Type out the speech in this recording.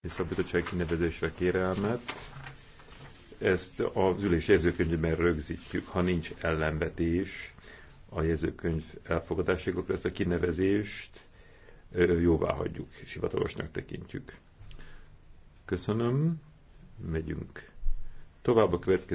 Visszabizottság kinevezésre kérelmet. Ezt az ülés jegyzőkönyvben rögzítjük, ha nincs ellenvetés a jegyzőkönyv elfogadásáig, akkor ezt a kinevezést jóvá hagyjuk, és hivatalosnak tekintjük. Köszönöm, megyünk tovább a következő.